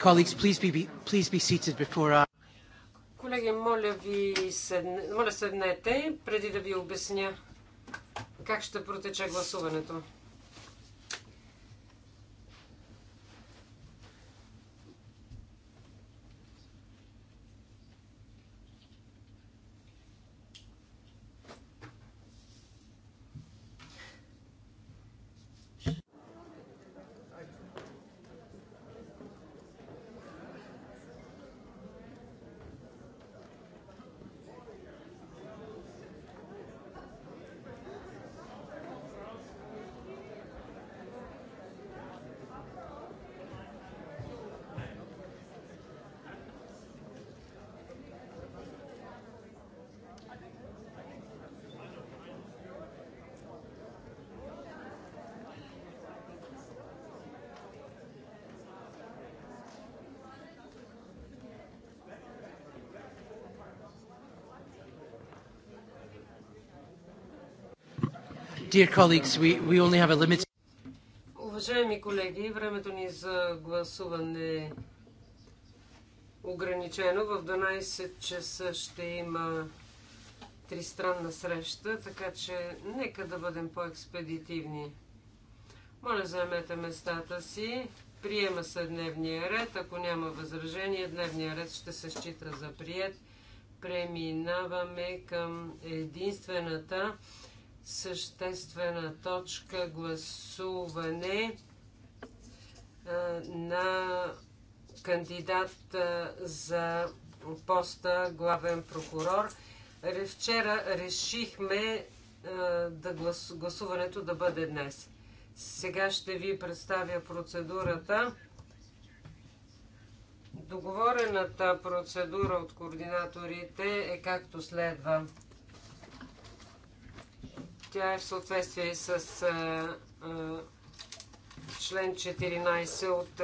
Colleagues, please be, please be seated before I... Колеги, моля ви седне, моля седнете, преди да ви обясня как ще протече гласуването. Dear colleagues, we, we only have a limit. Уважаеми колеги, времето ни за гласуване е ограничено. В 12 часа ще има тристранна среща, така че нека да бъдем по-експедитивни. Моля, заемете местата си. Приема се дневния ред. Ако няма възражение, дневния ред ще се счита за прият. Преминаваме към единствената съществена точка гласуване на кандидат за поста главен прокурор. Вчера решихме да глас, гласуването да бъде днес. Сега ще ви представя процедурата. Договорената процедура от координаторите е както следва. Тя е в съответствие с член 14 от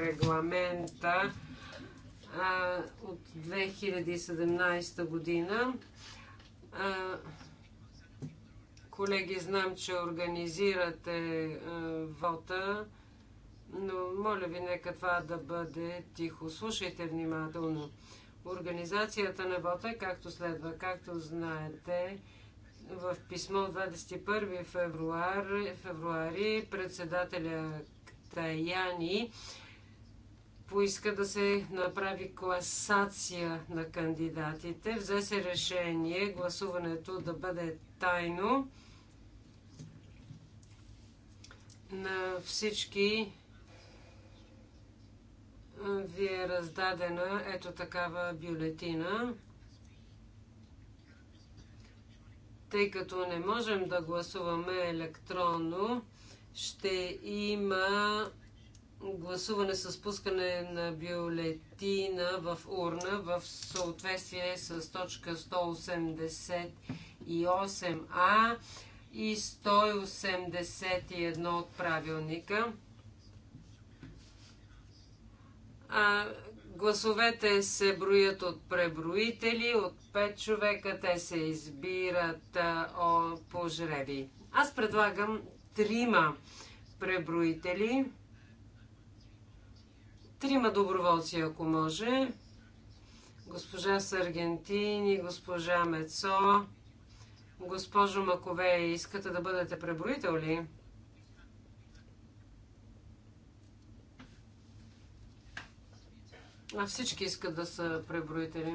регламента от 2017 година. Колеги, знам, че организирате вота, но моля ви, нека това да бъде тихо. Слушайте внимателно. Организацията на вота е както следва. Както знаете, в писмо от 21 февруари, февруари председателя Таяни поиска да се направи класация на кандидатите. Взе се решение гласуването да бъде тайно на всички е, ви е раздадена ето такава бюлетина. Тъй като не можем да гласуваме електронно, ще има гласуване с пускане на бюлетина в урна в съответствие с точка 188а и 181 от правилника. А, Гласовете се броят от преброители, от пет човека те се избират о, по жреби. Аз предлагам трима преброители, трима доброволци, ако може. Госпожа Саргентини, госпожа Мецо, госпожо Макове, искате да бъдете преброител ли? А всички искат да са преброители.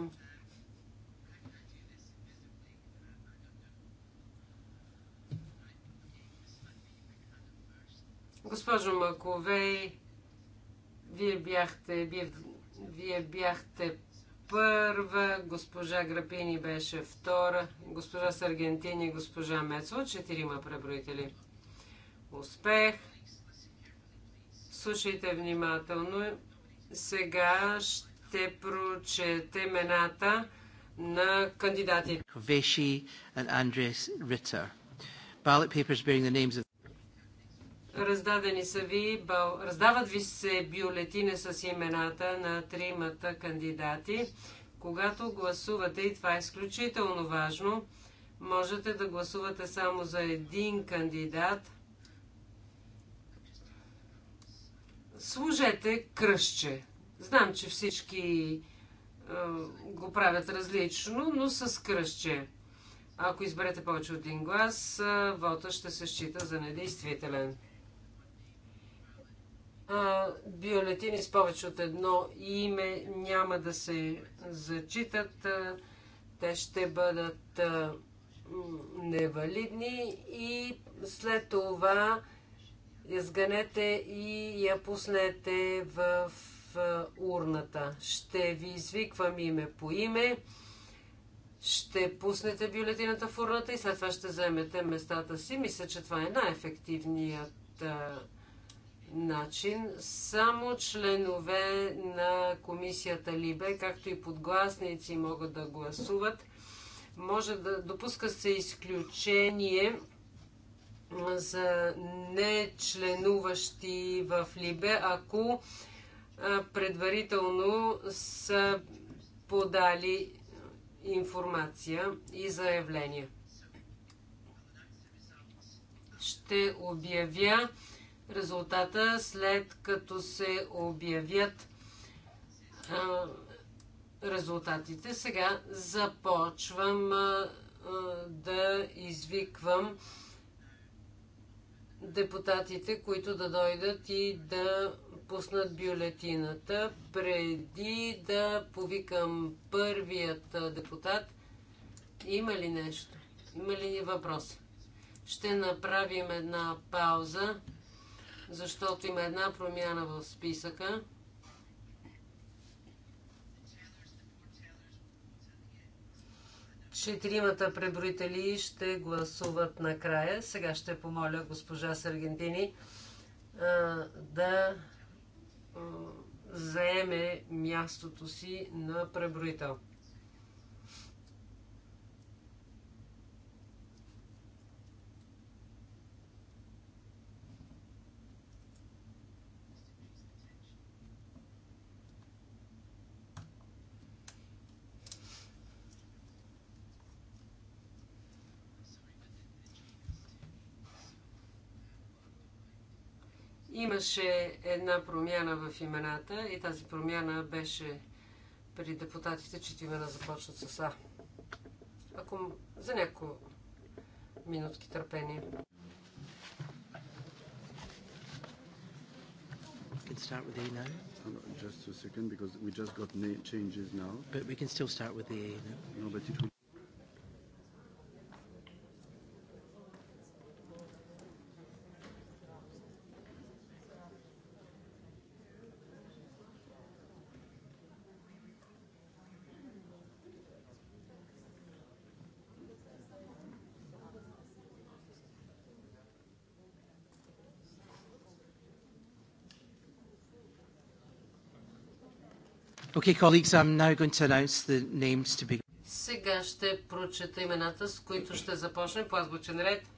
Госпожо Маковей, вие бяхте, вие, вие бяхте първа, госпожа Грапини беше втора, госпожа Саргентини, госпожа Мецо, четирима преброители. Успех! Слушайте внимателно сега ще прочетем имената на кандидатите. Веши и Андрес Риттер. Ballot papers bearing the names of Раздадени са ви, бал... раздават ви се бюлетини с имената на тримата кандидати. Когато гласувате, и това е изключително важно, можете да гласувате само за един кандидат – Служете кръще. Знам, че всички го правят различно, но с кръще. Ако изберете повече от един глас, вота ще се счита за недействителен. Бюлетини с повече от едно име няма да се зачитат. Те ще бъдат невалидни и след това изгънете и я пуснете в е, урната. Ще ви извиквам име по име, ще пуснете бюлетината в урната и след това ще вземете местата си. Мисля, че това е най-ефективният е, начин. Само членове на комисията Либе, както и подгласници могат да гласуват. Може да допуска се изключение за не членуващи в Либе, ако предварително са подали информация и заявление. Ще обявя резултата след като се обявят резултатите. Сега започвам да извиквам депутатите, които да дойдат и да пуснат бюлетината. Преди да повикам първият депутат, има ли нещо? Има ли въпроси? Ще направим една пауза, защото има една промяна в списъка. Четиримата преброители ще гласуват накрая. Сега ще помоля госпожа Саргентини да заеме мястото си на преброител. Имаше една промяна в имената и тази промяна беше при депутатите, чието имена започват с А. Ако за няколко минутки търпение. can start with A now. Just a second, because we just got changes now. But we can still start with the A No, but it will Okay, colleagues, I'm now going to announce the names to be... Сега ще прочета имената, с които ще започнем по азбучен ред.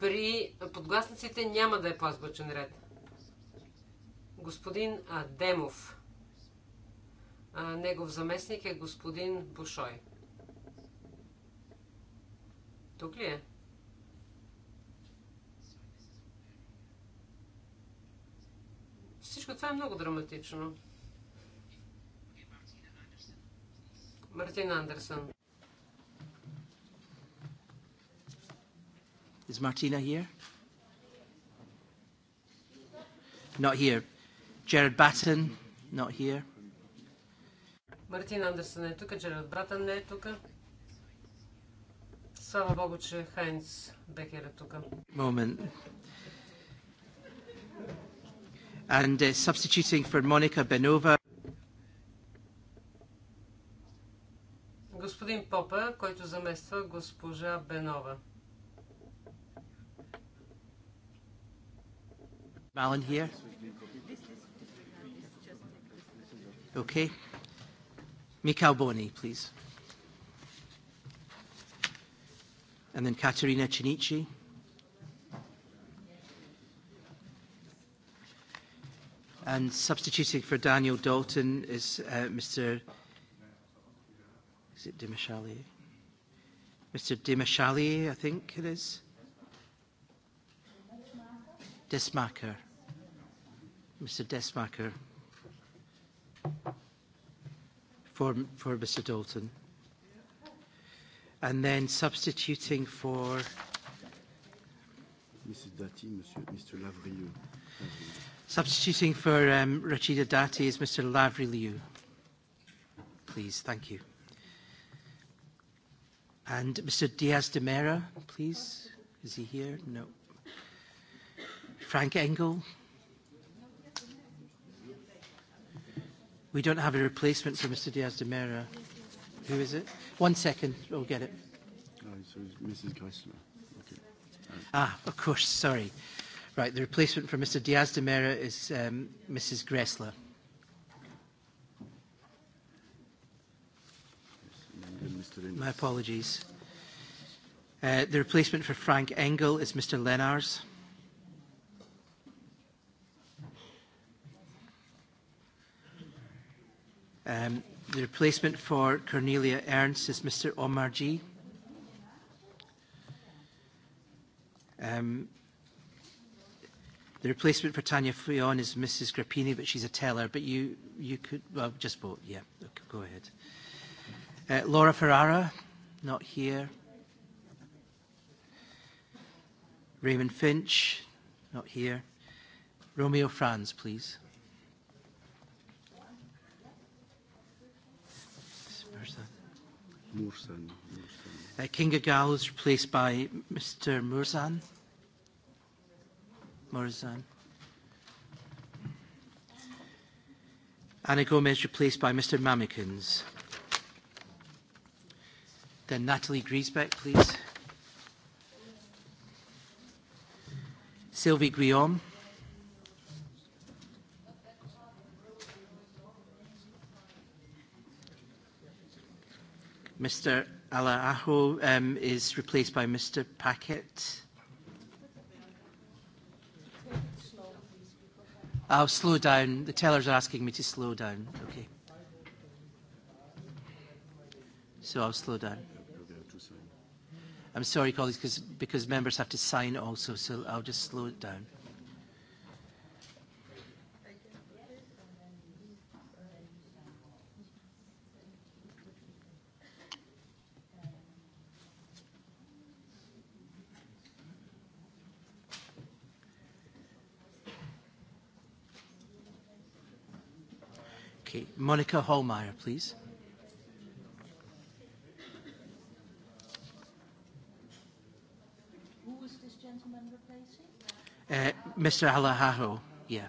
При подгласниците няма да е по азбучен ред. Господин Демов. Негов заместник е господин Бушой. Тук ли е? случва. Това е много драматично. Мартин Андерсън. Is Martina here? Not here. Jared Batten, not here. Мартин Андерсън е тук, Джерард Братън не е тук. Слава Богу, че Хайнц Бекер е тук. Момент and uh, substituting for Monica Benova. Господин Попа, който замества госпожа Бенова. Malin here? Okay. Mikhail Boni, please. And then Katerina Chinichi. And substituting for Daniel Dalton is uh, Mr. Is it Dimashali? Mr. Dimashali, I think it is. Desmacher. Mr. Desmacher. For, for Mr. Dalton. And then substituting for. Mrs. Dati, Mr. Lavrieux. Substituting for um, Rachida Dati is Mr. Lavri Liu. Please, thank you. And Mr. Diaz de Mera, please. Is he here? No. Frank Engel. We don't have a replacement for Mr. Diaz de Mera. Who is it? One second, we'll get it. Oh, so Mrs. Geisler. Okay. Ah, of course, sorry. Right, the replacement for Mr. Diaz de Mera is um, Mrs. Gressler. My apologies. Uh, the replacement for Frank Engel is Mr. Lenars. Um, the replacement for Cornelia Ernst is Mr. G. Um, The replacement for Tanya Fuyon is Mrs. Grappini, but she's a teller. But you, you could, well, just vote. Yeah, okay, go ahead. Uh, Laura Ferrara, not here. Raymond Finch, not here. Romeo Franz, please. Mursan. Uh, Kinga Gall is replaced by Mr. Murzan. Morrison. Anna Gomez replaced by Mr. Mamikins. Then Natalie Griesbeck, please. Sylvie Guillaume. Mr. Alaaho um, is replaced by Mr. Paquette. I'll slow down. The tellers are asking me to slow down. Okay. So I'll slow down. I'm sorry, colleagues, because members have to sign also, so I'll just slow it down. Monica Holmeyer, please. Who was this gentleman replacing? Uh, Mr. Alahajo, yeah.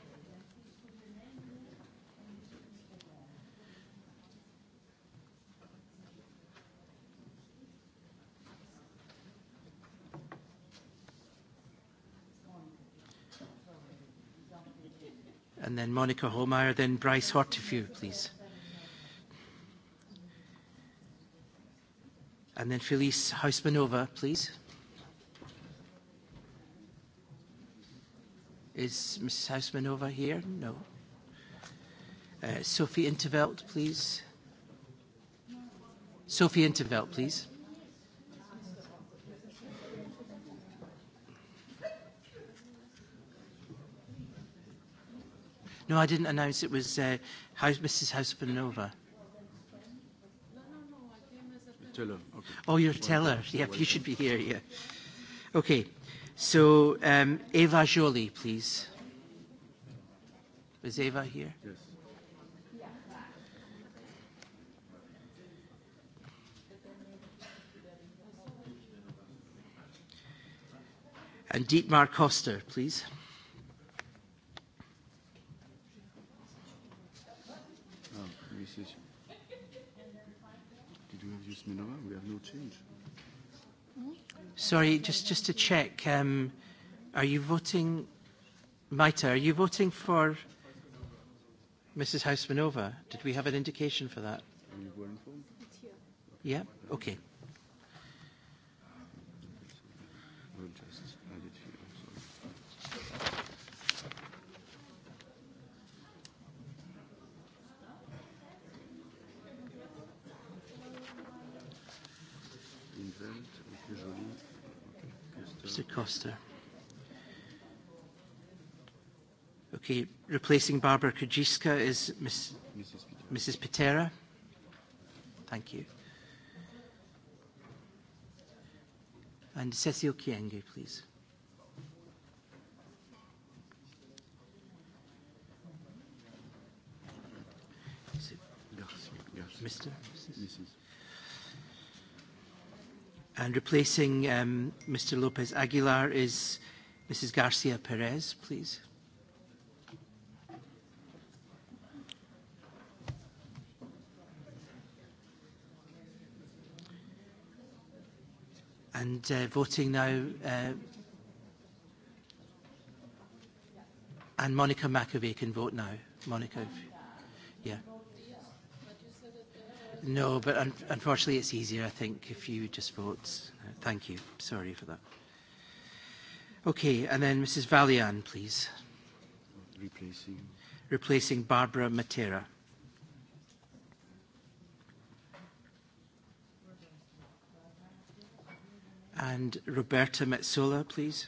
and then Monica Holmeyer, then Bryce Hortefeux, please. And then Felice Hausmanova, please. Is Mrs. Hausmanova here? No. Uh, Sophie Intervelt, please. Sophie Intervelt, please. No, I didn't announce it was uh, House, Mrs. Housemanova. Nova. Okay. Oh, you're Teller. Yep, you should be here, yeah. Okay, so um, Eva Jolie, please. Is Eva here? Yes. And Dietmar Koster, please. Sorry, just, just to check, um, are you voting, Maita, are you voting for Mrs. Housemanova? Did we have an indication for that? Yeah, okay. Okay, replacing Barbara Kujiska is Ms. Mrs. Pitera. Mrs. Pitera. Thank you. And Cecil Kienge, please. Mr. Mrs. And replacing um, Mr. Lopez Aguilar is Mrs. Garcia Perez, please. And uh, voting now. Uh, and Monica McAvey can vote now. Monica. Yeah. No, but un- unfortunately it's easier, I think, if you just vote. Thank you. Sorry for that. Okay, and then Mrs. Valian, please. Replacing. Replacing Barbara Matera. And Roberta Metsola, please.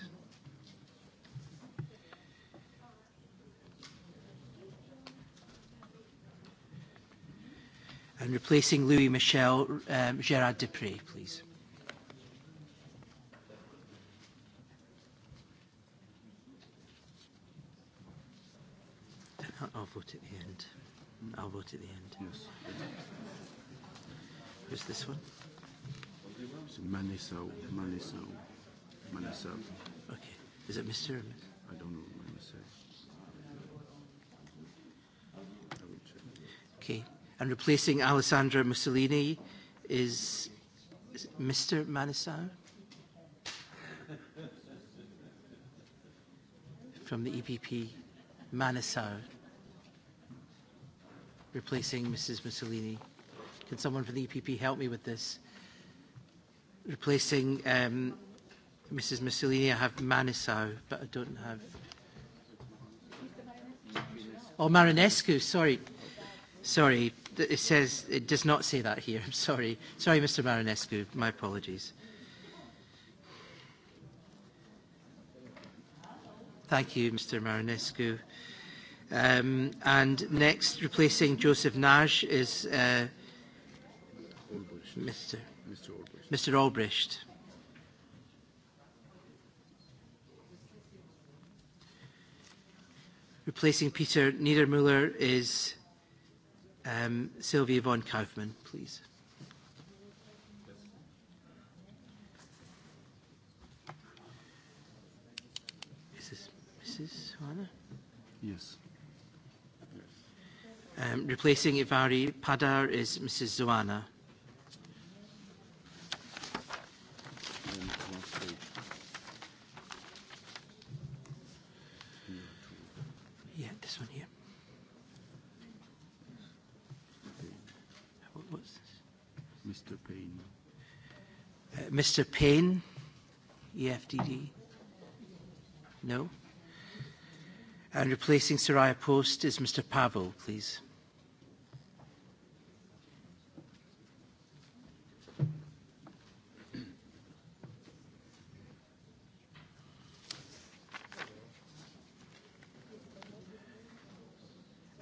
And replacing Louis Michel, um, Gerard Dupre, please. I'll vote at the end. I'll vote at the end. Yes. Who's this one? Manisau, Manisau, Manisau. Okay. Is it Mr. or Ms. I don't know, Manisau. Okay. And replacing Alessandra Mussolini is, is Mr. Manisau from the EPP. Manisau replacing Mrs. Mussolini. Can someone from the EPP help me with this? replacing um, Mrs. Mussolini. I have Manisau, but I don't have. Oh, Marinescu. Sorry, sorry. It says it does not say that here. I'm sorry. Sorry, Mr. Marinescu. My apologies. Thank you, Mr. Marinescu. Um, and next, replacing Joseph Nash is uh, Mr. Mr. Albrecht. Mr. Albrecht. Replacing Peter Niedermüller is um, Sylvia von Kaufmann, please. Is this Mrs. Hanna? Yes. Um, replacing Ivari Padar is Mrs. Zoana. Mr. Payne, EFDD? No? And replacing Soraya Post is Mr. Pavel, please.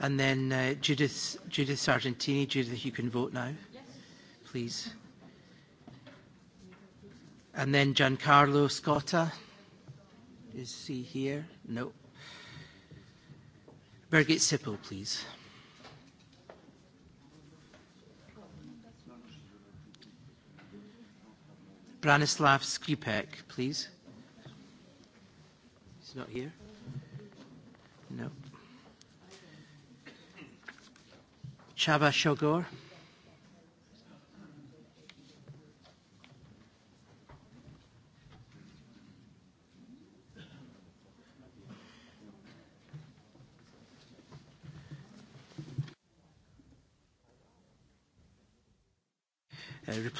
And then uh, Judith, Judith Sargentini. Judith, you can vote now, please. And then Giancarlo Scotta. Is he here? No. Birgit Sippel, please. Branislav Skripek, please. He's not here? No. Chava Shogor.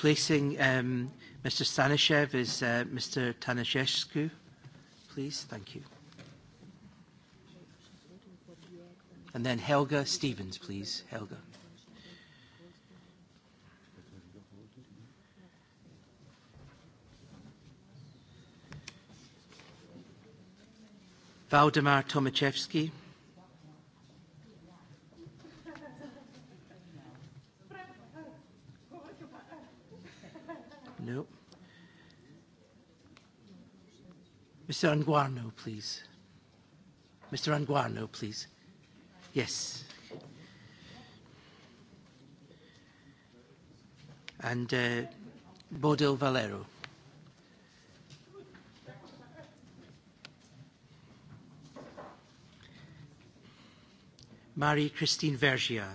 Replacing um, Mr. Stanishev is uh, Mr. Tanishescu. Please, thank you. And then Helga Stevens, please. Helga. Valdemar Tomaszewski. Mr. Anguano, please. Mr. Anguano, please. Yes. And uh, Bodil Valero. Marie-Christine Vergia.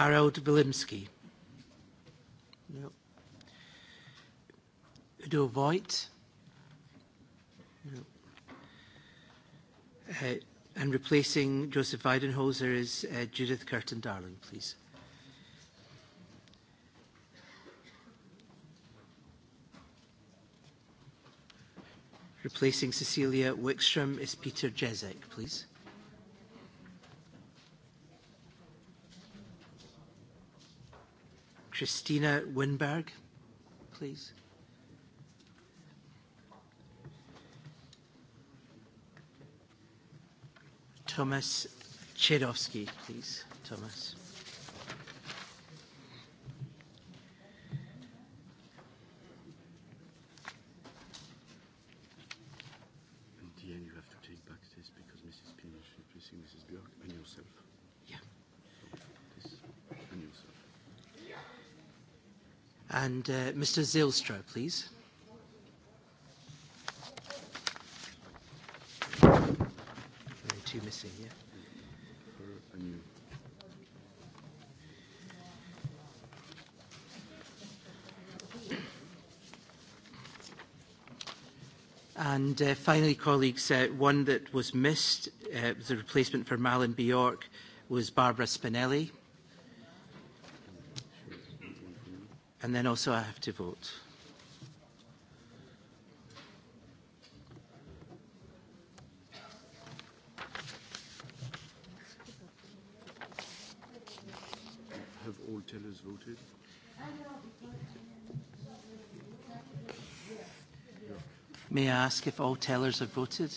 Harold Bilimsky. No. Udo Voigt. No. Uh, and replacing Joseph Weidenholzer is uh, Judith Curtin Darling, please. Replacing Cecilia Wickstrom is Peter Jezek, please. Christina Winberg, please. Thomas Chedovsky, please. Thomas. Mr. Zilstra, please. two missing, yeah. And uh, finally, colleagues, uh, one that was missed, uh, the replacement for Malin Bjork was Barbara Spinelli. and then also I have to vote. Have all tellers voted? May I ask if all tellers have voted?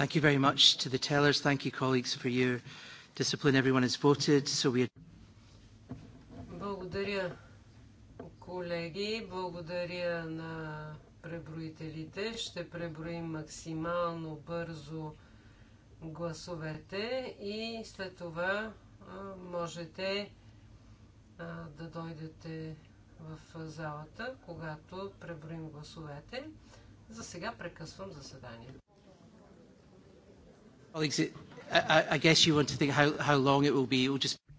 Thank you very much to the tellers. Thank you, colleagues, for your discipline. Everyone has voted, so we... Благодаря, колеги. Благодаря на преброителите. Ще преброим максимално бързо гласовете и след това можете да дойдете в залата, когато преброим гласовете. За сега прекъсвам заседанието.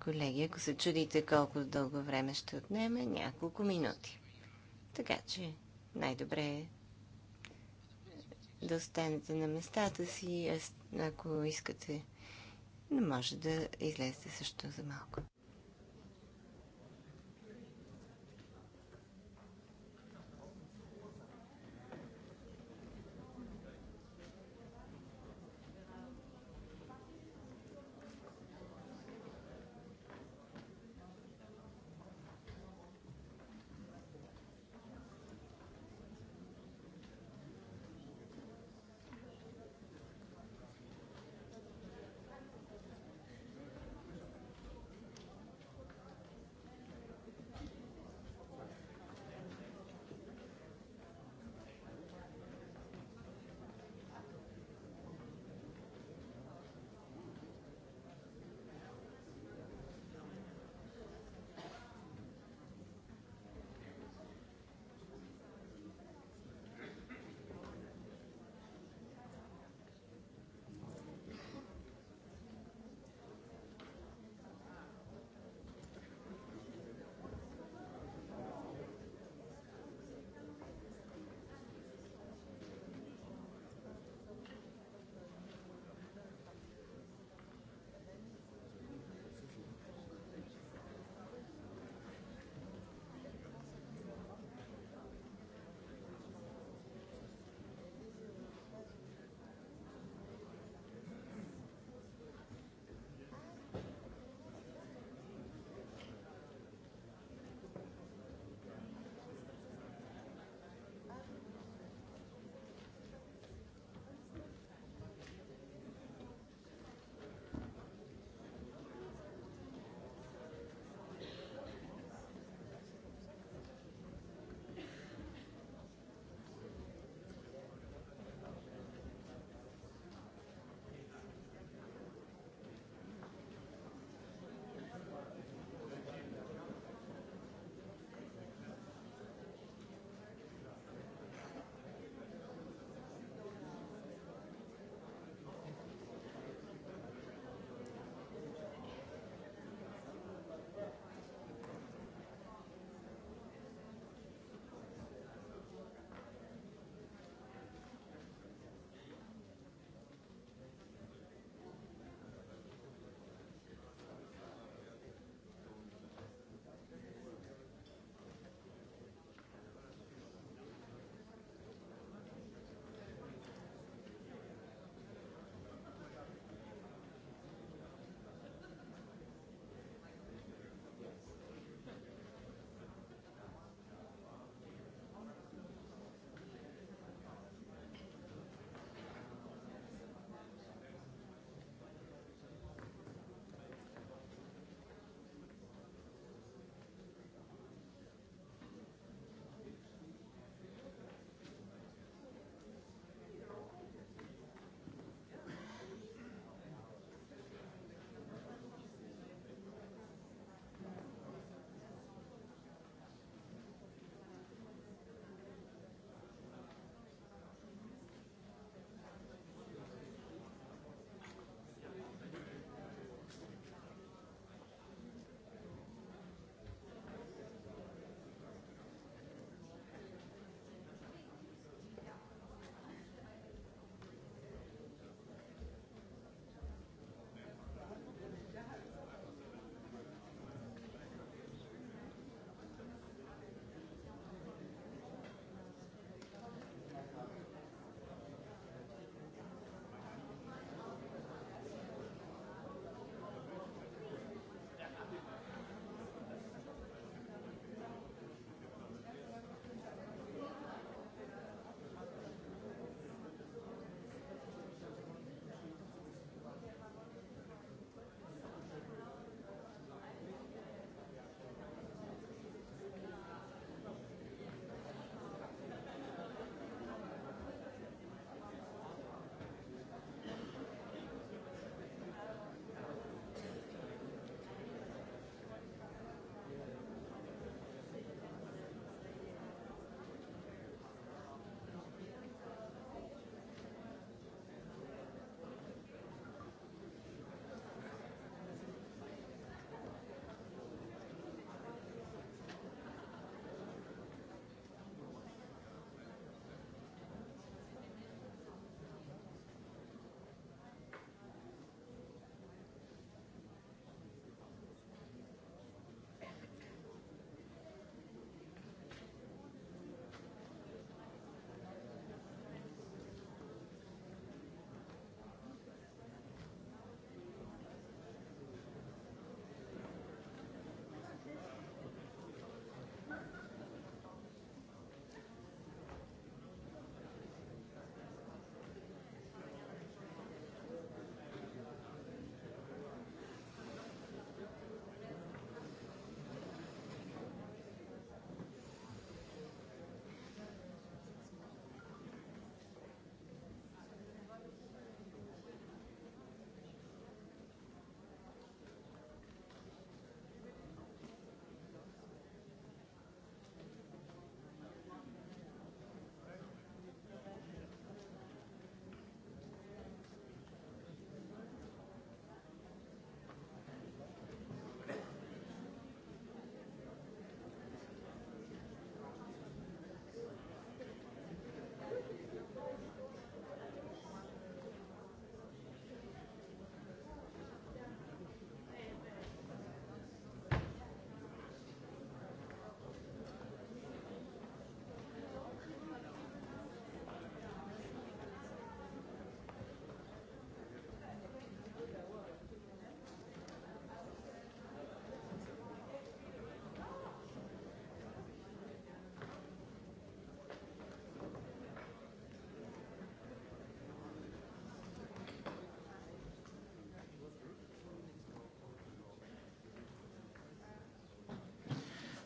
Колеги, ако се чудите колко дълго време ще отнеме, няколко минути. Така че най-добре е да останете на местата си, ако искате, не може да излезете също за малко.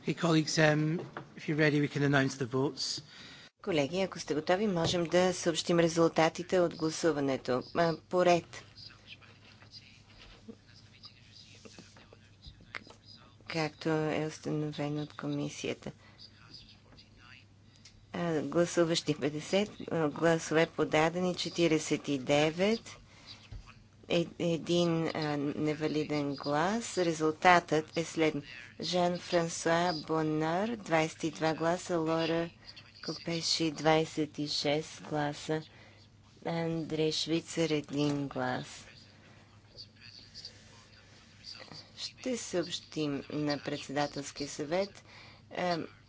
Um, Колеги, ако сте готови, можем да съобщим резултатите от гласуването. Поред. Както е установено от комисията. Гласуващи 50, гласове подадени 49. Е- един невалиден глас. Резултатът е след Жан-Франсуа Бонар 22 гласа, Лора Копеши 26 гласа, Андре Швицер 1 глас. Ще съобщим на председателски съвет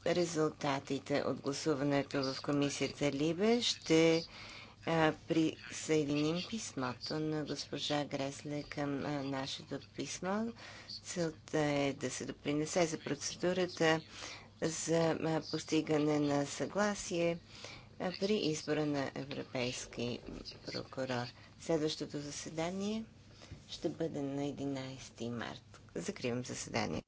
резултатите от гласуването в комисията Либе. Ще е, присъединим писмото на госпожа Гресле към е, нашето писмо. Целта е да се допринесе за процедурата за е, постигане на съгласие при избора на европейски прокурор. Следващото заседание ще бъде на 11 март. Закривам заседание.